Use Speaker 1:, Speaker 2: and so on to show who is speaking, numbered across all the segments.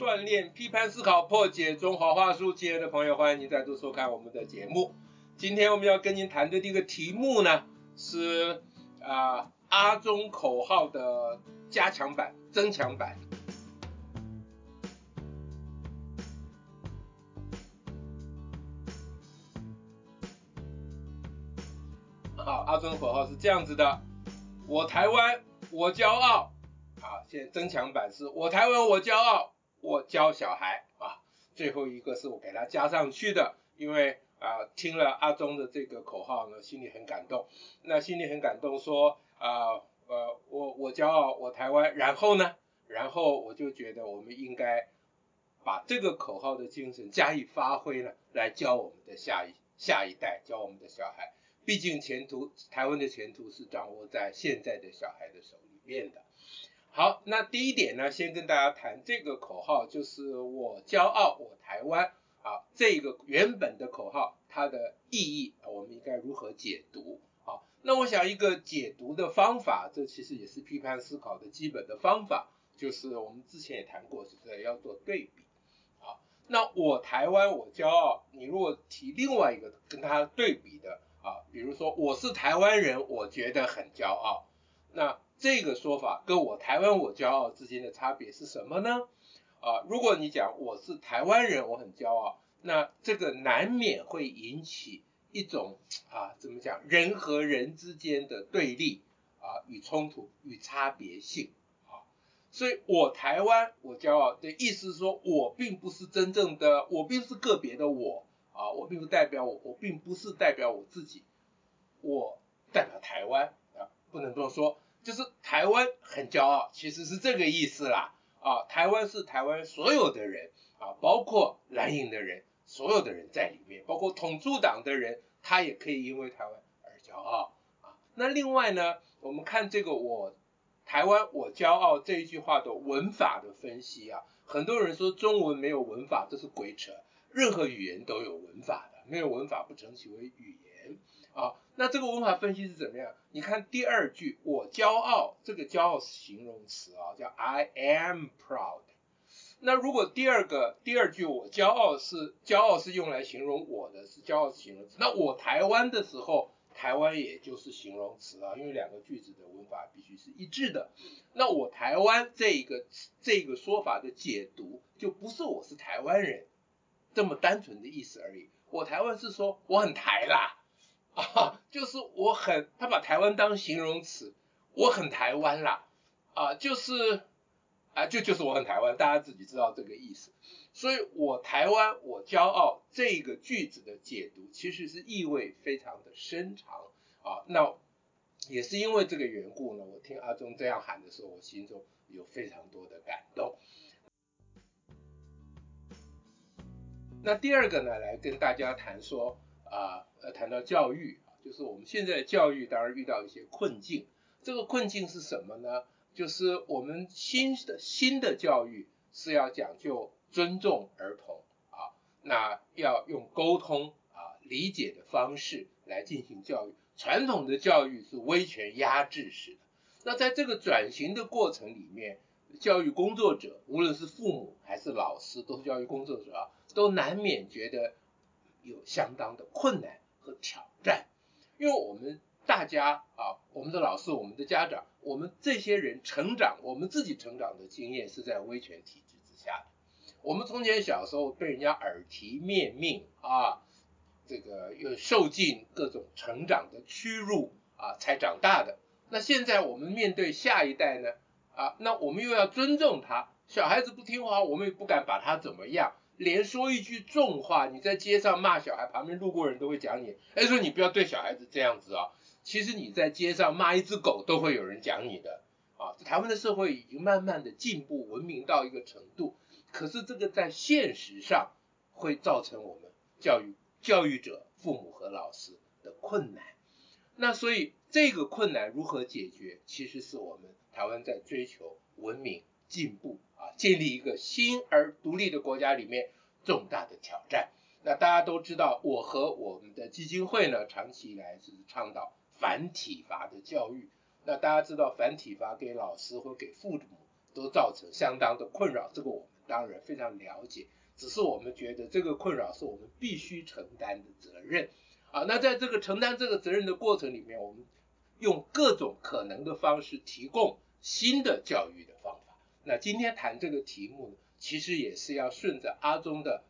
Speaker 1: 鍛鍊批判思考，破解中華話術。親愛的朋友，歡迎您再度收看我們的節目。今天我們要跟您談的一個題目呢，是啊、呃、阿中口號的加強版、增強版。好，阿中口號是這樣子的：我台灣我驕傲。好，現在增強版是：我台灣我驕傲。我教小孩啊，最後一個是我給他加上去的，因為啊、呃、聽了阿中的這個口號呢，心裡很感動，那心裡很感動說啊呃，呃我我驕傲我台灣，然後呢，然後我就覺得我們應該把這個口號的精神加以發揮呢，來教我們的下一下一代，教我們的小孩，畢竟前途台灣的前途是掌握在現在的小孩的手裡面的。好，那第一點呢，先跟大家談這個口號，就是“我驕傲，我台灣”。好，這個原本的口號它的意義，我們應該如何解讀？好，那我想一個解讀的方法，這其實也是批判思考的基本的方法，就是我們之前也談過，就是要做對比。好，那“我台灣，我驕傲”，你如果提另外一個跟它對比的啊，比如說“我是台灣人，我覺得很驕傲”，那。這個說法跟“我台灣我驕傲”之間的差別是什麼呢？啊，如果你講我是台灣人，我很驕傲，那這個難免會引起一種啊，怎麼講，人和人之間的對立啊、與衝突、與差別性啊。所以“我台灣我驕傲”的意思是說，我並不是真正的，我並不是個別的我啊，我並不代表我，我並不是代表我自己，我代表台灣啊，不能這麼說。就是台灣很驕傲，其實是這個意思啦啊，台灣是台灣所有的人啊，包括藍營的人，所有的人在裡面，包括統促黨的人，他也可以因為台灣而驕傲啊。那另外呢，我們看這個我“我台灣我驕傲”這一句話的文法的分析啊，很多人說中文沒有文法，這是鬼扯，任何語言都有文法的，沒有文法不成其為語言啊。那這個文法分析是怎麼樣？你看第二句，我驕傲，這個驕傲是形容詞啊，叫 I am proud。那如果第二個第二句我驕傲是驕傲是用來形容我的，是驕傲是形容詞。那我台灣的時候，台灣也就是形容詞啊，因為兩個句子的文法必須是一致的。那我台灣這一個這一個說法的解讀，就不是我是台灣人這麼單純的意思而已。我台灣是說我很台啦啊。 就是我很，他把台灣當形容詞，我很台灣啦，啊、呃，就是，啊、呃，就就是我很台灣，大家自己知道這個意思。所以我，我台灣我驕傲這個句子的解讀，其實是意味非常的深長啊、呃。那也是因為這個緣故呢，我聽阿中這樣喊的時候，我心中有非常多的感動。那第二個呢，來跟大家談說啊，談、呃、到教育。就是我們現在教育當然遇到一些困境，這個困境是什麼呢？就是我們新的新的教育是要講究尊重兒童啊，那要用溝通啊，理解的方式來進行教育。傳統的教育是威權壓制式的，那在這個轉型的過程裡面，教育工作者，無論是父母還是老師，都是教育工作者啊，都難免覺得有相當的困難和挑戰。因為我們大家啊，我們的老師、我們的家長、我們這些人成長，我們自己成長的經驗是在威權體制之下的。我們從前小時候被人家耳提面命啊，這個又受盡各種成長的屈辱啊，才長大的。那現在我們面對下一代呢，啊，那我們又要尊重他，小孩子不聽話，我們也不敢把他怎麼樣。連說一句重話，你在街上罵小孩，旁邊路過人都會講你。誒，說你不要對小孩子這樣子啊。其實你在街上罵一隻狗，都會有人講你的。啊，台灣的社會已經慢慢的進步，文明到一個程度。可是這個在現實上，會造成我們教育、教育者、父母和老師的困難。那所以這個困難如何解決，其實是我們台灣在追求文明進步啊，建立一個新而獨立的國家裡面重大的挑戰。那大家都知道，我和我們的基金會呢，長期以來是倡導反體罰的教育。那大家知道，反體罰給老師或給父母都造成相當的困擾，這個我們當然非常了解。只是我們覺得這個困擾是我們必須承擔的責任啊。那在這個承擔這個責任的過程裡面，我們用各種可能的方式提供新的教育的方法。那今天談這個題目，其實也是要順着阿中的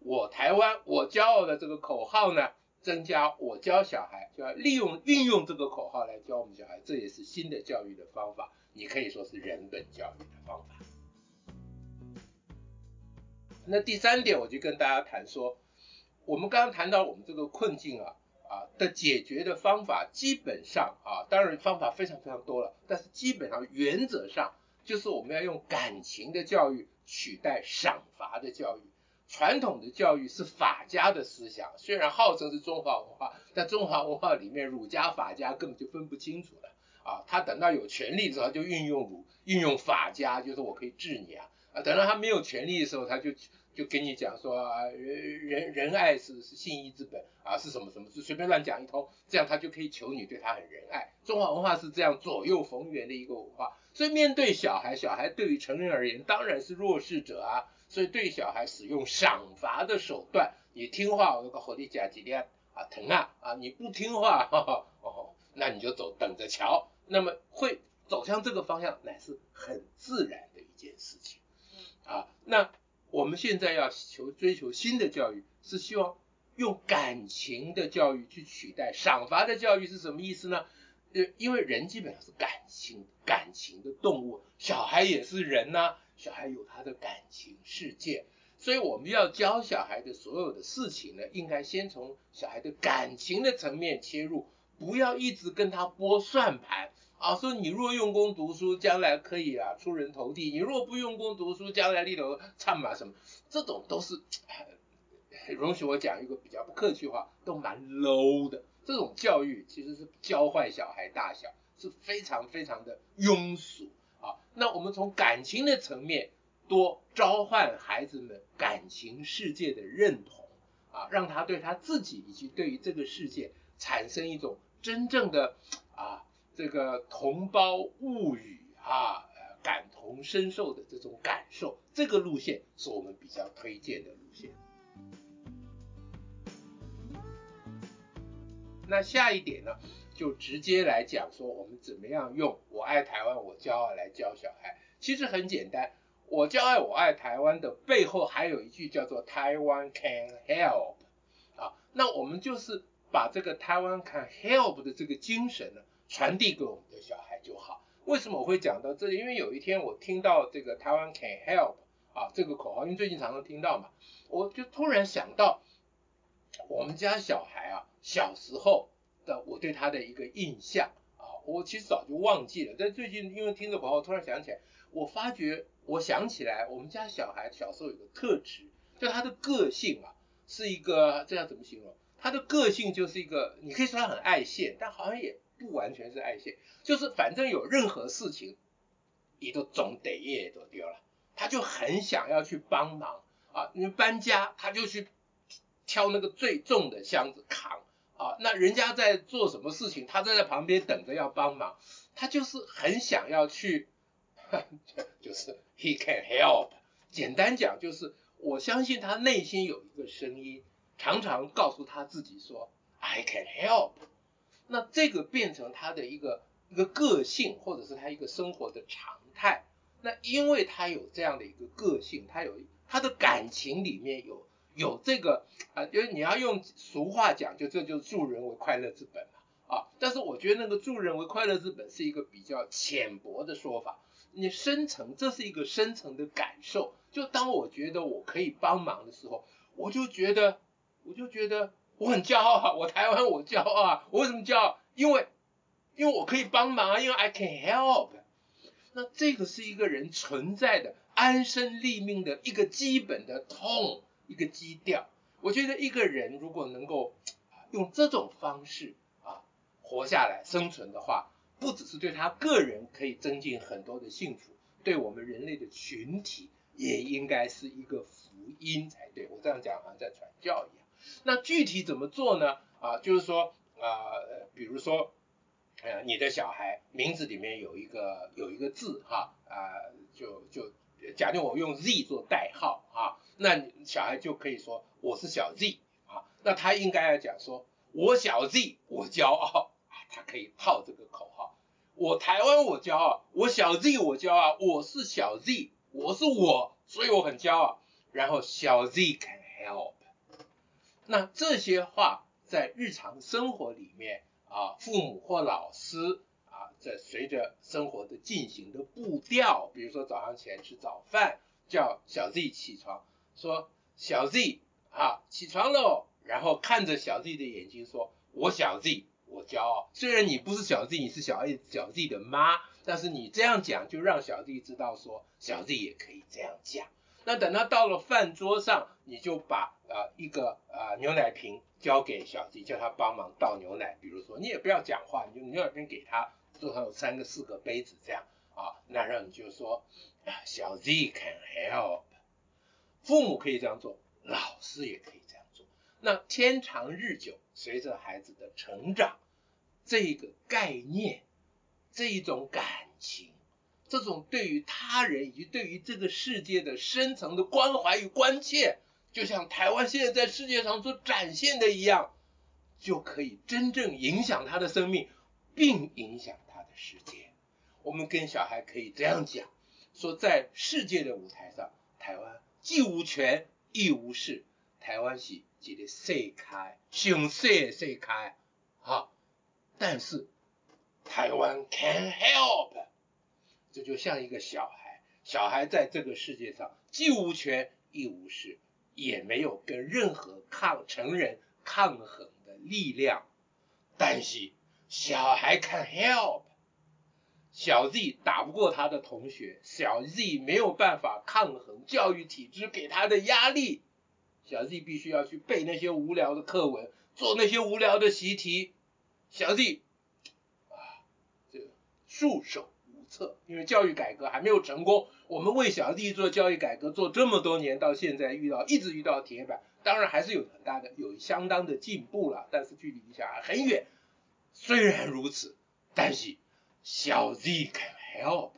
Speaker 1: 我“我台灣，我驕傲”的這個口號呢，增加我教小孩就要利用運用這個口號來教我們小孩，這也是新的教育的方法，你可以說是人本教育的方法。那第三點，我就跟大家談說，我們剛剛談到我們這個困境啊，啊的解決的方法，基本上啊，當然方法非常非常多了，但是基本上原則上。就是我們要用感情的教育取代賞罰的教育。傳統的教育是法家的思想，雖然號稱是中華文化，但中華文化裡面儒家、法家根本就分不清楚了啊！他等到有權力的時候就運用儒、運用法家，就是我可以治你啊！啊，等到他沒有權力的時候，他就。就跟你講說、啊，人人仁愛是是信義之本啊，是什麼什麼就隨便亂講一通，這樣他就可以求你對他很仁愛。中華文化是這樣左右逢源的一個文化，所以面對小孩，小孩對於成人而言當然是弱勢者啊，所以對小孩使用賞罰的手段，你聽話，我就搞好利甲幾滴啊疼啊啊你不聽話哦，那你就走等着瞧，那麼會走向這個方向乃是很自然的一件事情啊那。我們現在要求追求新的教育，是希望用感情的教育去取代賞罰的教育，是什麼意思呢？呃，因為人基本上是感情、感情的動物，小孩也是人吶、啊，小孩有他的感情世界，所以我們要教小孩的所有的事情呢，應該先從小孩的感情的層面切入，不要一直跟他撥算盤。啊，說你若用功讀書，將來可以啊出人頭地；你若不用功讀書，將來裡頭唱嘛什麼，這種都是、呃、容許我講一個比較不客氣話，都蠻 low 的。這種教育其實是教壞小孩大小，是非常非常的庸俗啊。那我們從感情的層面多召喚孩子們感情世界的認同啊，讓他對他自己以及對於這個世界產生一種真正的啊。這個同胞物語哈、啊，感同身受的這種感受，這個路線是我們比較推薦的路線。那下一點呢，就直接來講說我們怎麼樣用“我愛台灣，我驕傲”來教小孩。其實很簡單，“我驕傲，我愛台灣”的背後還有一句叫做 “Taiwan can help”。啊，那我們就是把這個 “Taiwan can help” 的這個精神呢。傳遞給我們的小孩就好。為什麼我會講到這裡？因為有一天我聽到這個“台灣 Can Help” 啊這個口號，因為最近常常聽到嘛，我就突然想到我們家小孩啊小時候的我對他的一個印象啊，我其實早就忘記了，但最近因為聽着口號，突然想起來，我發覺我想起來，我們家小孩小時候有個特質，就他的個性啊是一個這要怎麼形容？他的個性就是一個，你可以說他很愛現，但好像也。不完全是愛現，就是反正有任何事情，你都總得也都丟了，他就很想要去幫忙啊。因為搬家，他就去挑那個最重的箱子扛啊。那人家在做什麼事情，他就在旁邊等着要幫忙。他就是很想要去，呵呵就是 he can help。簡單講就是，我相信他內心有一個聲音，常常告訴他自己說，I can help。那這個變成他的一個一個個性，或者是他一個生活的常態。那因為他有這樣的一個個性，他有他的感情裡面有有這個啊，就是你要用俗話講，就這就助人為快樂之本嘛，啊。但是我覺得那個助人為快樂之本是一個比較淺薄的說法。你深層，這是一個深層的感受，就當我覺得我可以幫忙的時候，我就覺得我就覺得。我很驕傲啊，我台灣我驕傲。啊，我為什麼驕傲？因為，因為我可以幫忙啊，因為 I can help。那這個是一個人存在的安身立命的一個基本的 tone，一個基調。我覺得一個人如果能夠用這種方式啊活下來、生存的話，不只是對他個人可以增進很多的幸福，對我們人類的群體也應該是一個福音才對。我這樣講好像在傳教一樣。那具體怎麼做呢？啊，就是說啊、呃，比如說，呃，你的小孩名字裡面有一個有一個字哈，啊、呃，就就，假定我用 Z 做代號啊，那小孩就可以說我是小 Z 啊，那他應該要講說，我小 Z 我驕傲啊，他可以套這個口號，我台灣我驕傲，我小 Z 我驕傲，我是小 Z，我是我，所以我很驕傲，然後小 Z。那這些話在日常生活裡面啊，父母或老師啊，在隨着生活的進行的步調，比如說早上起來吃早飯，叫小 Z 起床，說小 Z 啊，起床嘍，然後看着小 Z 的眼睛說，我小 Z，我驕傲，雖然你不是小 Z，你是小 A，小 Z 的媽，但是你這樣講就讓小 Z 知道說，小 Z 也可以這樣講。那等他到了飯桌上，你就把呃一個呃牛奶瓶交給小 Z，叫他幫忙倒牛奶。比如說，你也不要講話，你就牛奶瓶給他。桌上有三個、四個杯子這樣啊，那然後你就說：“小 Z can help。”父母可以這樣做，老師也可以這樣做。那天長日久，隨着孩子的成長，這個概念，這一種感情。這種對於他人以及對於這個世界的深層的關懷與關切，就像台灣現在在世界上所展現的一樣，就可以真正影響他的生命，並影響他的世界。我們跟小孩可以這樣講：，說在世界的舞台上，台灣既無權亦無勢，台灣是只的 say can，是用 say say can，啊但是，台灣 can help。這就像一個小孩，小孩在這個世界上既無權亦無勢，也沒有跟任何抗成人抗衡的力量。但是小孩 can help，小 z 打不過他的同學，小 z 沒有辦法抗衡教育體制給他的壓力，小 z 必須要去背那些無聊的課文，做那些無聊的習題，小 z 啊，這個束手。因為教育改革還沒有成功，我們為小 Z 做教育改革做這麼多年，到現在遇到一直遇到鐵板，當然還是有很大的有相當的進步了，但是距離理想還很遠。雖然如此，但是小 Z 可以 help，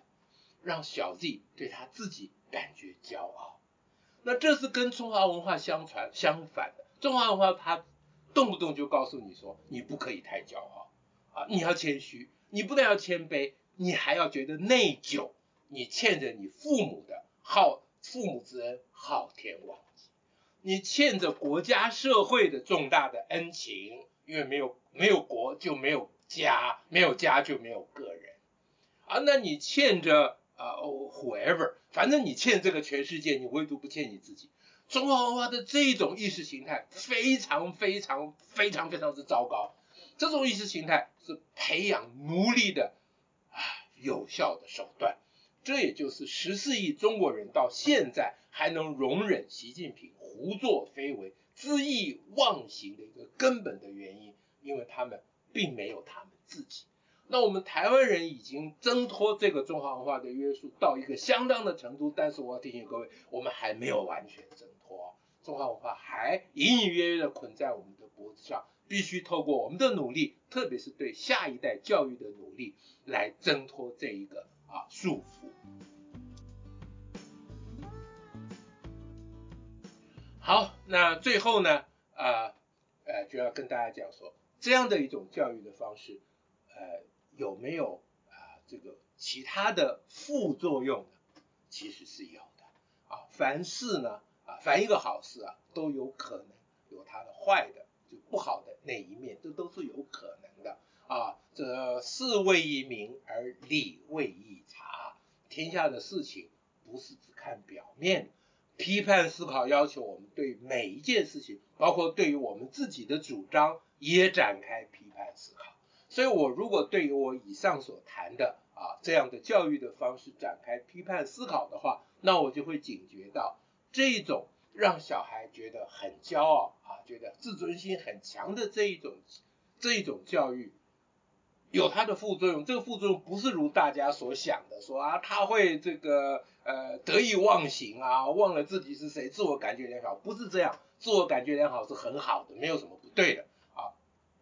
Speaker 1: 讓小 Z 對他自己感覺驕傲。那這是跟中華文化相傳相反的，中華文化它動不動就告訴你說，你不可以太驕傲啊，你要謙虛，你不但要謙卑。你還要覺得內疚，你欠着你父母的好父母之恩，昊天罔極，你欠着國家社會的重大的恩情，因為沒有沒有國就沒有家，沒有家就沒有個人，啊，那你欠着啊、呃、，whoever，反正你欠這個全世界，你唯獨不欠你自己。中華文化的這種意識形態非常非常非常非常之糟糕，這種意識形態是培養奴隸的。有效的手段，這也就是十四億中國人到現在還能容忍習近平胡作非為、恣意妄行的一個根本的原因，因為他們並沒有他們自己。那我們台灣人已經掙脫這個中華文化的約束到一個相當的程度，但是我要提醒各位，我們還沒有完全掙脫，中華文化還隱隱約約的捆在我們的脖子上。必須透過我們的努力，特別是對下一代教育的努力，來掙脫這一個啊束縛。好，那最後呢，啊、呃，呃，就要跟大家講說，這樣的一種教育的方式，呃，有沒有啊、呃、這個其他的副作用呢？其實是有的。啊，凡事呢，啊，凡一個好事啊，都有可能有它的壞的。不好的那一面，這都是有可能的啊！這事未易明而理未易察，天下的事情不是只看表面，批判思考要求我們對每一件事情，包括對於我們自己的主張，也展開批判思考。所以我如果對於我以上所談的啊，這樣的教育的方式展開批判思考的話，那我就會警覺到這種。讓小孩覺得很驕傲啊，覺得自尊心很強的這一種，這一種教育，有它的副作用。這個副作用不是如大家所想的，說啊他會這個呃得意忘形啊，忘了自己是誰，自我感覺良好，不是這樣。自我感覺良好是很好的，沒有什麼不對的啊。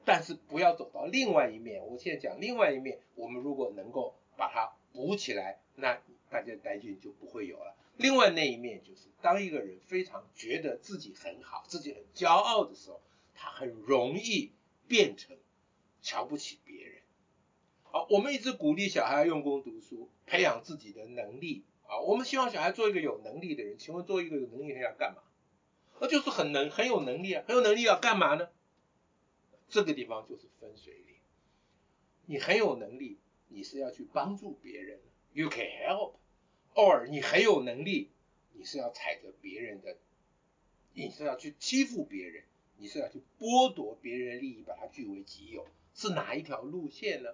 Speaker 1: 但是不要走到另外一面。我現在講另外一面，我們如果能夠把它補起來，那大家擔心就不會有了。另外那一面就是，當一個人非常覺得自己很好，自己很驕傲的時候，他很容易變成瞧不起別人。好、啊，我們一直鼓勵小孩要用功讀書，培養自己的能力。啊，我們希望小孩做一個有能力的人。請問，做一個有能力的人要幹嘛？那、啊、就是很能，很有能力啊，很有能力要、啊、幹嘛呢？這個地方就是分水嶺。你很有能力，你是要去幫助別人。You can help. 偶爾你很有能力，你是要踩着別人的，你是要去欺負別人，你是要去剝奪別人的利益，把它據為己有，是哪一條路線呢？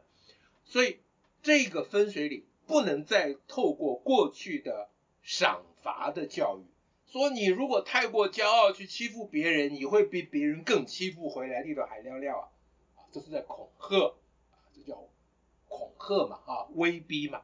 Speaker 1: 所以這個分水嶺不能再透過過去的賞罰的教育，說，你如果太過驕傲去欺負別人，你會比別人更欺負回來，利潤還寥寥啊，這是在恐嚇，這叫恐嚇嘛，啊，威逼嘛，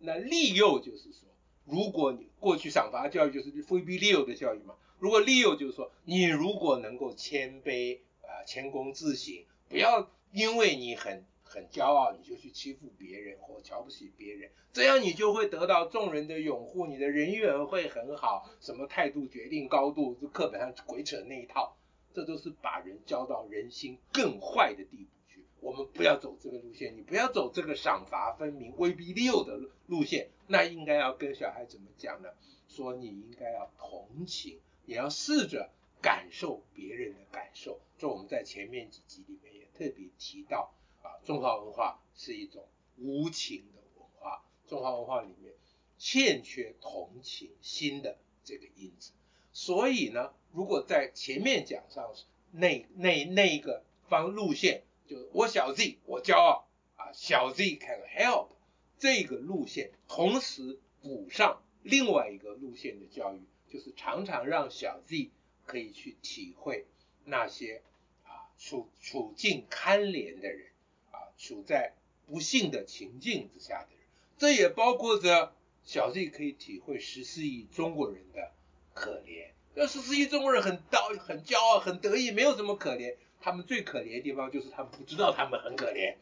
Speaker 1: 那利誘就是說。如果你過去賞罰教育就是威逼利誘的教育嘛，如果利誘就是說，你如果能夠謙卑啊、呃、謙恭自省，不要因為你很很驕傲，你就去欺負別人或瞧不起別人，這樣你就會得到眾人的擁護，你的人緣會很好。什麼態度決定高度，這課本上鬼扯那一套，這都是把人教到人心更壞的地步去。我們不要走這個路線，你不要走這個賞罰分明、威逼利誘的路路線。那應該要跟小孩怎麼講呢？說你應該要同情，你要試着感受別人的感受。就我們在前面幾集裡面也特別提到啊，中華文化是一種無情的文化，中華文化裡面欠缺同情心的這個因子。所以呢，如果在前面講上那那那一個方路線，就是、我小 Z 我驕傲啊，小 Z can help。這個路線，同時補上另外一個路線的教育，就是常常讓小 Z 可以去體會那些啊處處境堪憐的人，啊處在不幸的情境之下的人，這也包括着小 Z 可以體會十四億中國人的可憐。那十四億中國人很到很驕傲，很得意，沒有什麼可憐。他們最可憐的地方就是他們不知道他們很可憐。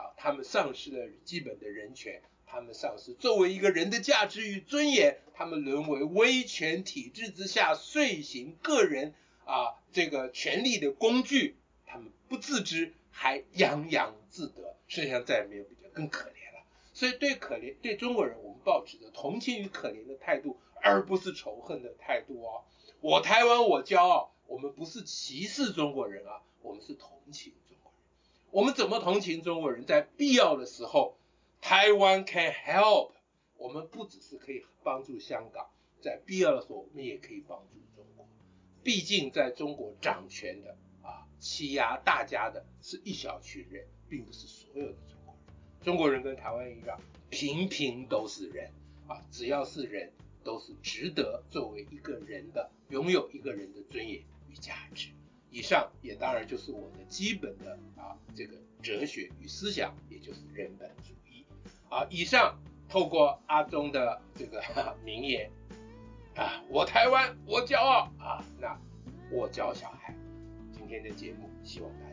Speaker 1: 啊、他們喪失了基本的人權，他們喪失作為一個人的價值與尊嚴，他們淪為威權體制之下遂行個人啊這個權力的工具，他們不自知還洋洋自得，世界上再也沒有比這更可憐了。所以對可憐對中國人，我們抱持着同情與可憐的態度，而不是仇恨的態度哦。我台灣我驕傲，我們不是歧視中國人啊，我們是同情。我們怎麼同情中國人？在必要的時候，台灣 can help。我們不只是可以幫助香港，在必要的時候，我們也可以幫助中國。畢竟，在中國掌權的啊，欺壓大家的是一小群人，並不是所有的中國人。中國人跟台灣一樣，平平都是人啊，只要是人，都是值得作為一個人的，擁有一個人的尊嚴與價值。以上也當然就是我的基本的啊這個哲學與思想，也就是人本主義。啊，以上透過阿中的這個哈哈名言啊，我台灣我驕傲啊，那我教小孩，今天的節目，希望大家。